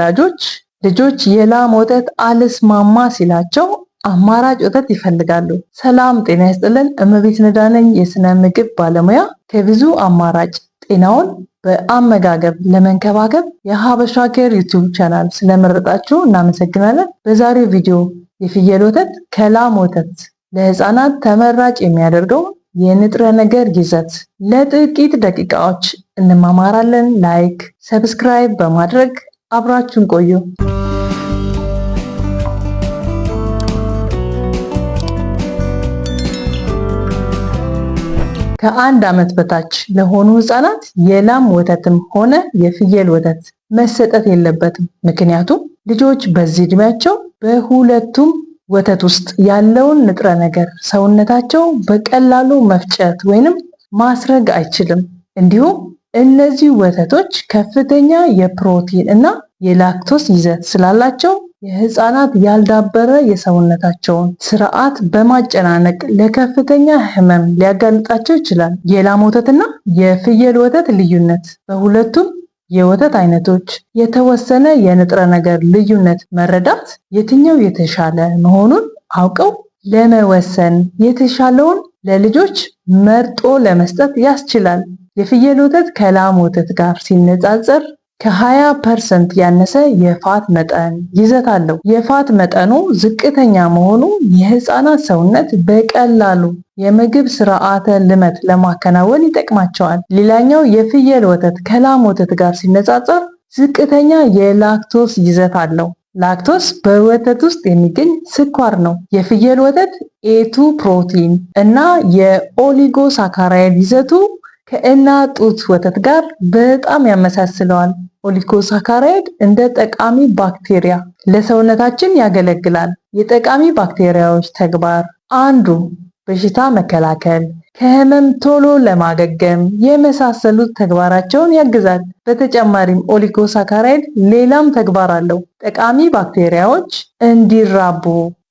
ወላጆች ልጆች የላም ወተት አልስማማ ሲላቸው አማራጭ ወተት ይፈልጋሉ። ሰላም ጤና ይስጥልን። እመቤት ነዳነኝ የስነ ምግብ ባለሙያ። ከብዙ አማራጭ ጤናውን በአመጋገብ ለመንከባከብ የሀበሻ ኬር ዩቲዩብ ቻናል ስለመረጣችሁ እናመሰግናለን። በዛሬው ቪዲዮ የፍየል ወተት ከላም ወተት ለህፃናት ተመራጭ የሚያደርገው የንጥረ ነገር ይዘት ለጥቂት ደቂቃዎች እንማማራለን። ላይክ ሰብስክራይብ በማድረግ አብራችን ቆዩ። ከአንድ ዓመት በታች ለሆኑ ህፃናት የላም ወተትም ሆነ የፍየል ወተት መሰጠት የለበትም። ምክንያቱም ልጆች በዚህ እድሜያቸው በሁለቱም ወተት ውስጥ ያለውን ንጥረ ነገር ሰውነታቸው በቀላሉ መፍጨት ወይንም ማስረግ አይችልም። እንዲሁም እነዚህ ወተቶች ከፍተኛ የፕሮቲን እና የላክቶስ ይዘት ስላላቸው የህፃናት ያልዳበረ የሰውነታቸውን ስርዓት በማጨናነቅ ለከፍተኛ ህመም ሊያጋልጣቸው ይችላል። የላም ወተትና የፍየል ወተት ልዩነት በሁለቱም የወተት አይነቶች የተወሰነ የንጥረ ነገር ልዩነት መረዳት የትኛው የተሻለ መሆኑን አውቀው ለመወሰን የተሻለውን ለልጆች መርጦ ለመስጠት ያስችላል። የፍየል ወተት ከላም ወተት ጋር ሲነጻጸር ከ20 ፐርሰንት ያነሰ የፋት መጠን ይዘት አለው። የፋት መጠኑ ዝቅተኛ መሆኑ የህፃናት ሰውነት በቀላሉ የምግብ ስርዓተ ልመት ለማከናወን ይጠቅማቸዋል። ሌላኛው የፍየል ወተት ከላም ወተት ጋር ሲነጻጸር ዝቅተኛ የላክቶስ ይዘት አለው። ላክቶስ በወተት ውስጥ የሚገኝ ስኳር ነው። የፍየል ወተት ኤቱ ፕሮቲን እና የኦሊጎሳካራይድ ይዘቱ ከእና ጡት ወተት ጋር በጣም ያመሳስለዋል። ኦሊጎሳካራይድ እንደ ጠቃሚ ባክቴሪያ ለሰውነታችን ያገለግላል። የጠቃሚ ባክቴሪያዎች ተግባር አንዱ በሽታ መከላከል፣ ከህመም ቶሎ ለማገገም የመሳሰሉት ተግባራቸውን ያግዛል። በተጨማሪም ኦሊጎሳካራይድ ሌላም ተግባር አለው። ጠቃሚ ባክቴሪያዎች እንዲራቡ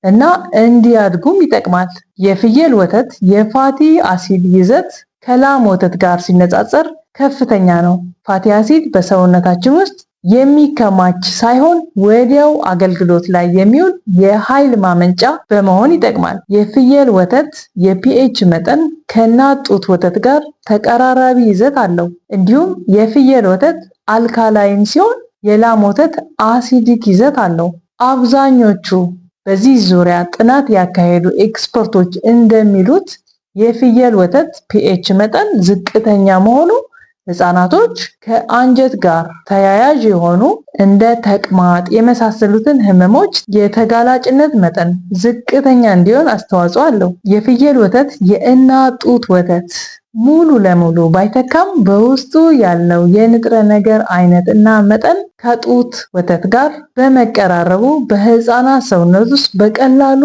እና እንዲያድጉም ይጠቅማል። የፍየል ወተት የፋቲ አሲድ ይዘት ከላም ወተት ጋር ሲነጻጸር ከፍተኛ ነው። ፋቲ አሲድ በሰውነታችን ውስጥ የሚከማች ሳይሆን ወዲያው አገልግሎት ላይ የሚውል የኃይል ማመንጫ በመሆን ይጠቅማል። የፍየል ወተት የፒኤች መጠን ከእናት ጡት ወተት ጋር ተቀራራቢ ይዘት አለው። እንዲሁም የፍየል ወተት አልካላይን ሲሆን የላም ወተት አሲዲክ ይዘት አለው። አብዛኞቹ በዚህ ዙሪያ ጥናት ያካሄዱ ኤክስፐርቶች እንደሚሉት የፍየል ወተት ፒኤች መጠን ዝቅተኛ መሆኑ ህጻናቶች ከአንጀት ጋር ተያያዥ የሆኑ እንደ ተቅማጥ የመሳሰሉትን ህመሞች የተጋላጭነት መጠን ዝቅተኛ እንዲሆን አስተዋጽኦ አለው። የፍየል ወተት የእናት ጡት ወተት ሙሉ ለሙሉ ባይተካም በውስጡ ያለው የንጥረ ነገር አይነት እና መጠን ከጡት ወተት ጋር በመቀራረቡ በህፃናት ሰውነት ውስጥ በቀላሉ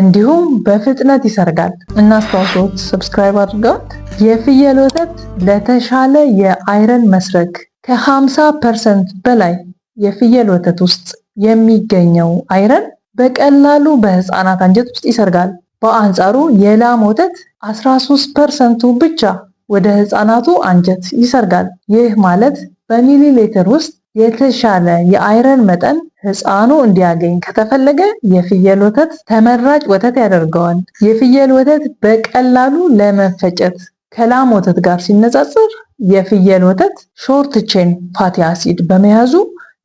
እንዲሁም በፍጥነት ይሰርጋል። እናስታውሶት ሰብስክራይብ አድርገውት። የፍየል ወተት ለተሻለ የአይረን መስረግ ከ50 ፐርሰንት በላይ የፍየል ወተት ውስጥ የሚገኘው አይረን በቀላሉ በህፃናት አንጀት ውስጥ ይሰርጋል። በአንጻሩ የላም ወተት 13 ፐርሰንቱ ብቻ ወደ ህፃናቱ አንጀት ይሰርጋል። ይህ ማለት በሚሊ ሊትር ውስጥ የተሻለ የአይረን መጠን ህፃኑ እንዲያገኝ ከተፈለገ የፍየል ወተት ተመራጭ ወተት ያደርገዋል። የፍየል ወተት በቀላሉ ለመፈጨት ከላም ወተት ጋር ሲነጻጽር የፍየል ወተት ሾርት ቼን ፋቲ አሲድ በመያዙ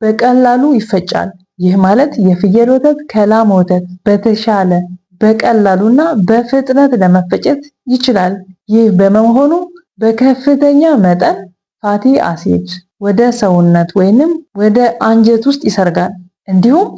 በቀላሉ ይፈጫል። ይህ ማለት የፍየል ወተት ከላም ወተት በተሻለ በቀላሉና በፍጥነት ለመፈጨት ይችላል። ይህ በመሆኑ በከፍተኛ መጠን ፋቲ አሲድ ወደ ሰውነት ወይንም ወደ አንጀት ውስጥ ይሰርጋል። እንዲሁም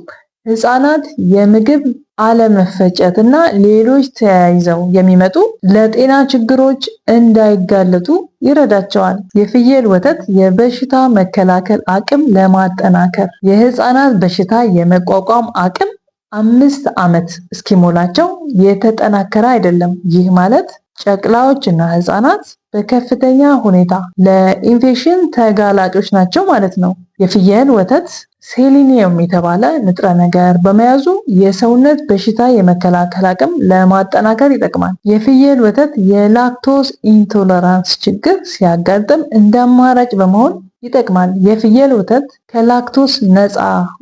ህፃናት የምግብ አለመፈጨት እና ሌሎች ተያይዘው የሚመጡ ለጤና ችግሮች እንዳይጋለጡ ይረዳቸዋል። የፍየል ወተት የበሽታ መከላከል አቅም ለማጠናከር፣ የህፃናት በሽታ የመቋቋም አቅም አምስት ዓመት እስኪሞላቸው የተጠናከረ አይደለም። ይህ ማለት ጨቅላዎች እና ህፃናት በከፍተኛ ሁኔታ ለኢንፌክሽን ተጋላጮች ናቸው ማለት ነው። የፍየል ወተት ሴሊኒየም የተባለ ንጥረ ነገር በመያዙ የሰውነት በሽታ የመከላከል አቅም ለማጠናከር ይጠቅማል። የፍየል ወተት የላክቶስ ኢንቶለራንስ ችግር ሲያጋጥም እንደ አማራጭ በመሆን ይጠቅማል። የፍየል ወተት ከላክቶስ ነፃ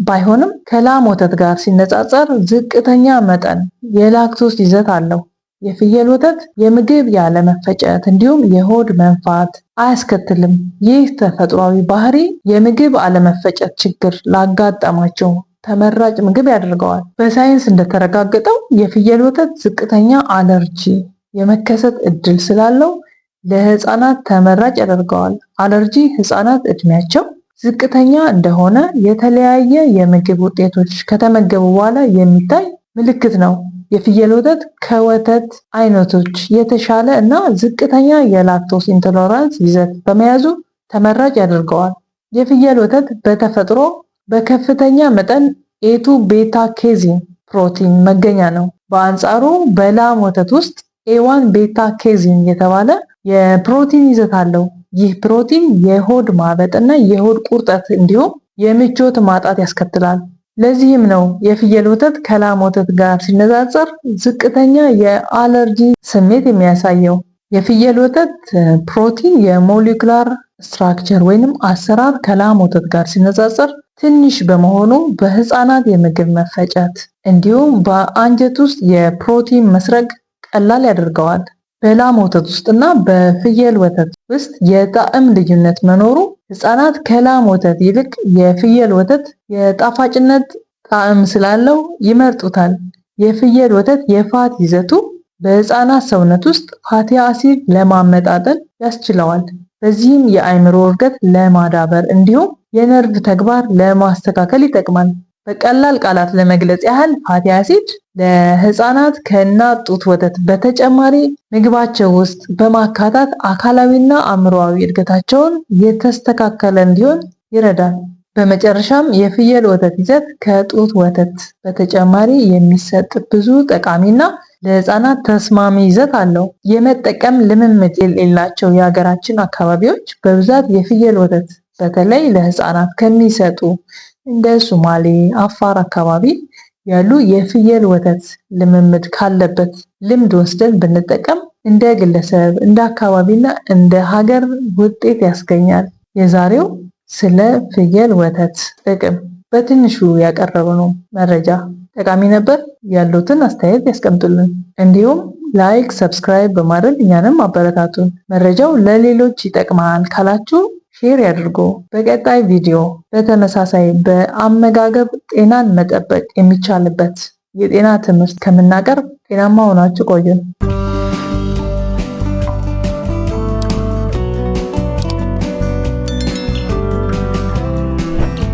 ባይሆንም ከላም ወተት ጋር ሲነጻጸር ዝቅተኛ መጠን የላክቶስ ይዘት አለው። የፍየል ወተት የምግብ ያለመፈጨት እንዲሁም የሆድ መንፋት አያስከትልም። ይህ ተፈጥሯዊ ባህሪ የምግብ አለመፈጨት ችግር ላጋጠማቸው ተመራጭ ምግብ ያደርገዋል። በሳይንስ እንደተረጋገጠው የፍየል ወተት ዝቅተኛ አለርጂ የመከሰት እድል ስላለው ለህፃናት ተመራጭ ያደርገዋል። አለርጂ ህፃናት እድሜያቸው ዝቅተኛ እንደሆነ የተለያየ የምግብ ውጤቶች ከተመገቡ በኋላ የሚታይ ምልክት ነው። የፍየል ወተት ከወተት አይነቶች የተሻለ እና ዝቅተኛ የላክቶስ ኢንቶለራንስ ይዘት በመያዙ ተመራጭ ያደርገዋል። የፍየል ወተት በተፈጥሮ በከፍተኛ መጠን ኤቱ ቤታ ኬዚን ፕሮቲን መገኛ ነው። በአንጻሩ በላም ወተት ውስጥ ኤዋን ቤታ ኬዚን የተባለ የፕሮቲን ይዘት አለው። ይህ ፕሮቲን የሆድ ማበጥ እና የሆድ ቁርጠት እንዲሁም የምቾት ማጣት ያስከትላል። ለዚህም ነው የፍየል ወተት ከላም ወተት ጋር ሲነጻጸር ዝቅተኛ የአለርጂ ስሜት የሚያሳየው። የፍየል ወተት ፕሮቲን የሞሊኩላር ስትራክቸር ወይንም አሰራር ከላም ወተት ጋር ሲነጻጸር ትንሽ በመሆኑ በህፃናት የምግብ መፈጨት እንዲሁም በአንጀት ውስጥ የፕሮቲን መስረግ ቀላል ያደርገዋል። በላም ወተት ውስጥና በፍየል ወተት ውስጥ የጣዕም ልዩነት መኖሩ ህፃናት ከላም ወተት ይልቅ የፍየል ወተት የጣፋጭነት ጣዕም ስላለው ይመርጡታል። የፍየል ወተት የፋት ይዘቱ በህፃናት ሰውነት ውስጥ ፋቲ አሲድ ለማመጣጠን ያስችለዋል። በዚህም የአእምሮ እድገት ለማዳበር እንዲሁም የነርቭ ተግባር ለማስተካከል ይጠቅማል። በቀላል ቃላት ለመግለጽ ያህል ፋቲ አሲድ ለህፃናት ከእናት ጡት ወተት በተጨማሪ ምግባቸው ውስጥ በማካታት አካላዊና አእምሮዊ እድገታቸውን የተስተካከለ እንዲሆን ይረዳል። በመጨረሻም የፍየል ወተት ይዘት ከጡት ወተት በተጨማሪ የሚሰጥ ብዙ ጠቃሚና ለህፃናት ተስማሚ ይዘት አለው። የመጠቀም ልምምድ የሌላቸው የሀገራችን አካባቢዎች በብዛት የፍየል ወተት በተለይ ለህፃናት ከሚሰጡ እንደ ሱማሌ፣ አፋር አካባቢ ያሉ የፍየል ወተት ልምምድ ካለበት ልምድ ወስደን ብንጠቀም እንደ ግለሰብ፣ እንደ አካባቢና እንደ ሀገር ውጤት ያስገኛል። የዛሬው ስለ ፍየል ወተት ጥቅም በትንሹ ያቀረብነው መረጃ ጠቃሚ ነበር። ያሉትን አስተያየት ያስቀምጡልን። እንዲሁም ላይክ፣ ሰብስክራይብ በማድረግ እኛንም አበረታቱን። መረጃው ለሌሎች ይጠቅማል ካላችሁ ሼር ያድርጎ በቀጣይ ቪዲዮ በተመሳሳይ በአመጋገብ ጤናን መጠበቅ የሚቻልበት የጤና ትምህርት ከምናቀርብ ጤናማ ሆናችሁ ቆዩን።